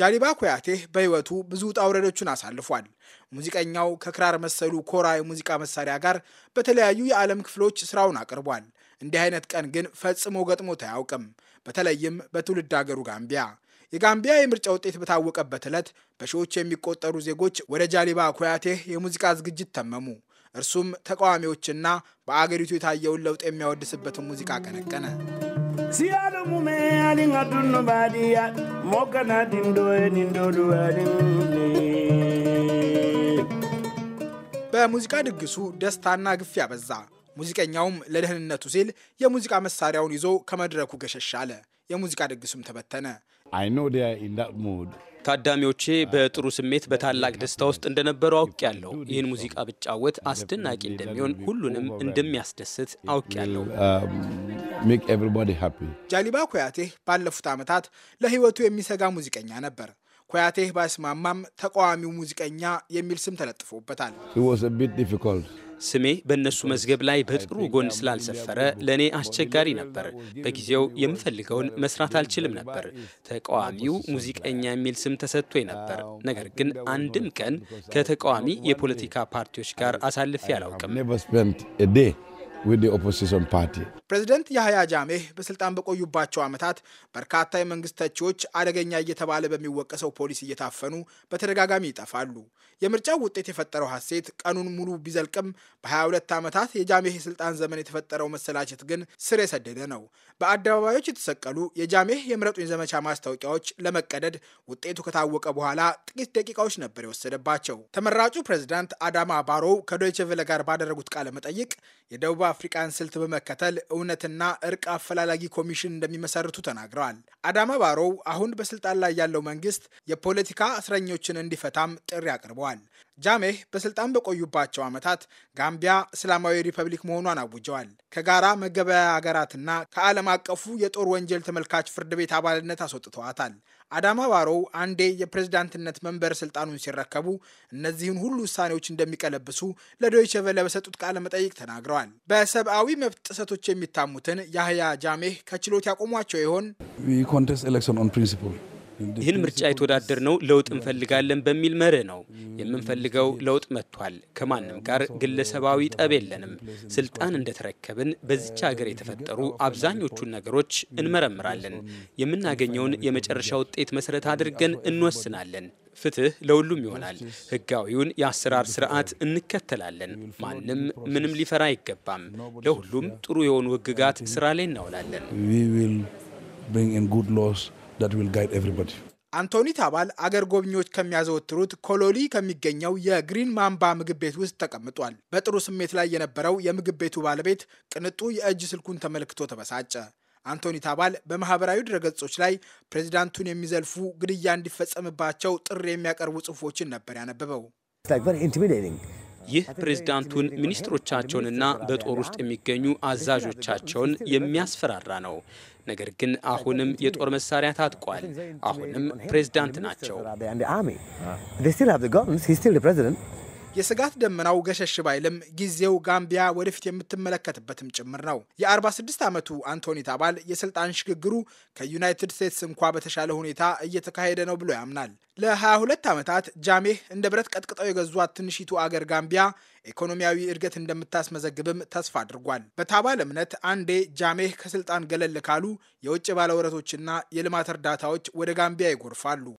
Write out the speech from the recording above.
ጃሊባ ኩያቴህ በሕይወቱ ብዙ ውጣ ውረዶችን አሳልፏል። ሙዚቀኛው ከክራር መሰሉ ኮራ የሙዚቃ መሳሪያ ጋር በተለያዩ የዓለም ክፍሎች ስራውን አቅርቧል። እንዲህ አይነት ቀን ግን ፈጽሞ ገጥሞት አያውቅም። በተለይም በትውልድ አገሩ ጋምቢያ። የጋምቢያ የምርጫ ውጤት በታወቀበት ዕለት በሺዎች የሚቆጠሩ ዜጎች ወደ ጃሊባ ኩያቴህ የሙዚቃ ዝግጅት ተመሙ። እርሱም ተቃዋሚዎችና በአገሪቱ የታየውን ለውጥ የሚያወድስበትን ሙዚቃ ቀነቀነ። በሙዚቃ ድግሱ ደስታና ግፍ ያበዛ። ሙዚቀኛውም ለደህንነቱ ሲል የሙዚቃ መሳሪያውን ይዞ ከመድረኩ ገሸሽ አለ። የሙዚቃ ድግሱም ተበተነ። ታዳሚዎቼ በጥሩ ስሜት በታላቅ ደስታ ውስጥ እንደነበሩ ያለው ይህን ሙዚቃ ብጫወት አስደናቂ እንደሚሆን ሁሉንም እንደሚያስደስት አውቅ አውቄያለሁ። um, ጃሊባ ኮያቴህ ባለፉት ዓመታት ለሕይወቱ የሚሰጋ ሙዚቀኛ ነበር። ኮያቴህ ባይስማማም ተቃዋሚው ሙዚቀኛ የሚል ስም ተለጥፎበታል። ስሜ በእነሱ መዝገብ ላይ በጥሩ ጎን ስላልሰፈረ ለእኔ አስቸጋሪ ነበር። በጊዜው የምፈልገውን መስራት አልችልም ነበር። ተቃዋሚው ሙዚቀኛ የሚል ስም ተሰጥቶኝ ነበር። ነገር ግን አንድም ቀን ከተቃዋሚ የፖለቲካ ፓርቲዎች ጋር አሳልፌ አላውቅም። ፕሬዚደንት ያህያ ጃሜህ በስልጣን በቆዩባቸው ዓመታት በርካታ የመንግስት ተቺዎች አደገኛ እየተባለ በሚወቀሰው ፖሊስ እየታፈኑ በተደጋጋሚ ይጠፋሉ። የምርጫው ውጤት የፈጠረው ሐሴት ቀኑን ሙሉ ቢዘልቅም በ22 ዓመታት የጃሜህ የስልጣን ዘመን የተፈጠረው መሰላቸት ግን ስር የሰደደ ነው። በአደባባዮች የተሰቀሉ የጃሜህ የምረጡኝ ዘመቻ ማስታወቂያዎች ለመቀደድ ውጤቱ ከታወቀ በኋላ ጥቂት ደቂቃዎች ነበር የወሰደባቸው። ተመራጩ ፕሬዚዳንት አዳማ ባሮው ከዶይቼ ቬለ ጋር ባደረጉት ቃለ መጠይቅ የደቡብ አፍሪካን ስልት በመከተል እውነትና እርቅ አፈላላጊ ኮሚሽን እንደሚመሰርቱ ተናግረዋል። አዳማ ባሮው አሁን በስልጣን ላይ ያለው መንግስት የፖለቲካ እስረኞችን እንዲፈታም ጥሪ አቅርበዋል። ጃሜህ በስልጣን በቆዩባቸው ዓመታት ጋምቢያ እስላማዊ ሪፐብሊክ መሆኗን አውጀዋል። ከጋራ መገበያ ሀገራትና ከዓለም አቀፉ የጦር ወንጀል ተመልካች ፍርድ ቤት አባልነት አስወጥተዋታል። አዳማ ባሮው አንዴ የፕሬዝዳንትነት መንበር ስልጣኑን ሲረከቡ እነዚህን ሁሉ ውሳኔዎች እንደሚቀለብሱ ለዶይቸ ቬለ በሰጡት ቃለ መጠይቅ ተናግረዋል። በሰብአዊ መብት ጥሰቶች የሚታሙትን ያህያ ጃሜህ ከችሎት ያቆሟቸው ይሆን? ይህን ምርጫ የተወዳደር ነው ለውጥ እንፈልጋለን በሚል መርህ ነው። የምንፈልገው ለውጥ መጥቷል። ከማንም ጋር ግለሰባዊ ጠብ የለንም። ስልጣን እንደተረከብን በዚች ሀገር የተፈጠሩ አብዛኞቹን ነገሮች እንመረምራለን። የምናገኘውን የመጨረሻ ውጤት መሰረት አድርገን እንወስናለን። ፍትህ ለሁሉም ይሆናል። ህጋዊውን የአሰራር ስርዓት እንከተላለን። ማንም ምንም ሊፈራ አይገባም። ለሁሉም ጥሩ የሆኑ ህግጋት ስራ ላይ እናውላለን። አንቶኒ ታባል አገር ጎብኚዎች ከሚያዘወትሩት ኮሎሊ ከሚገኘው የግሪን ማምባ ምግብ ቤት ውስጥ ተቀምጧል። በጥሩ ስሜት ላይ የነበረው የምግብ ቤቱ ባለቤት ቅንጡ የእጅ ስልኩን ተመልክቶ ተበሳጨ። አንቶኒ ታባል በማህበራዊ ድረገጾች ላይ ፕሬዚዳንቱን የሚዘልፉ ግድያ እንዲፈጸምባቸው ጥሪ የሚያቀርቡ ጽሑፎችን ነበር ያነበበው። ይህ ፕሬዝዳንቱን፣ ሚኒስትሮቻቸውንና በጦር ውስጥ የሚገኙ አዛዦቻቸውን የሚያስፈራራ ነው። ነገር ግን አሁንም የጦር መሳሪያ ታጥቋል። አሁንም ፕሬዝዳንት ናቸው። የስጋት ደመናው ገሸሽ ባይልም ጊዜው ጋምቢያ ወደፊት የምትመለከትበትም ጭምር ነው። የ46 ዓመቱ አንቶኒ ታባል የስልጣን ሽግግሩ ከዩናይትድ ስቴትስ እንኳ በተሻለ ሁኔታ እየተካሄደ ነው ብሎ ያምናል። ለ22 ዓመታት ጃሜህ እንደ ብረት ቀጥቅጠው የገዟት ትንሺቱ አገር ጋምቢያ ኢኮኖሚያዊ እድገት እንደምታስመዘግብም ተስፋ አድርጓል። በታባል እምነት አንዴ ጃሜህ ከስልጣን ገለል ካሉ የውጭ ባለውረቶችና የልማት እርዳታዎች ወደ ጋምቢያ ይጎርፋሉ።